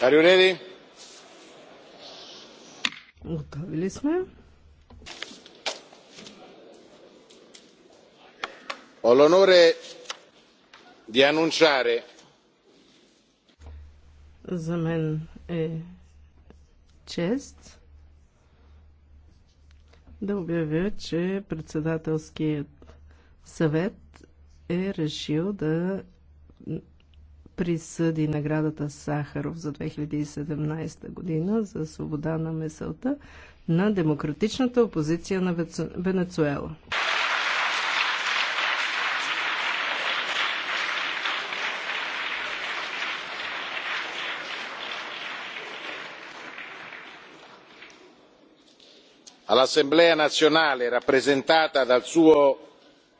Are you ready? Готови ли сме? Ho l'onore di annunciare. За мен е чест да обявя, че председателският съвет е решил да присъди наградата Сахаров за 2017 година за свобода на мисълта на демократичната опозиция на Венецуела. all'assemblea nazionale rappresentata dal suo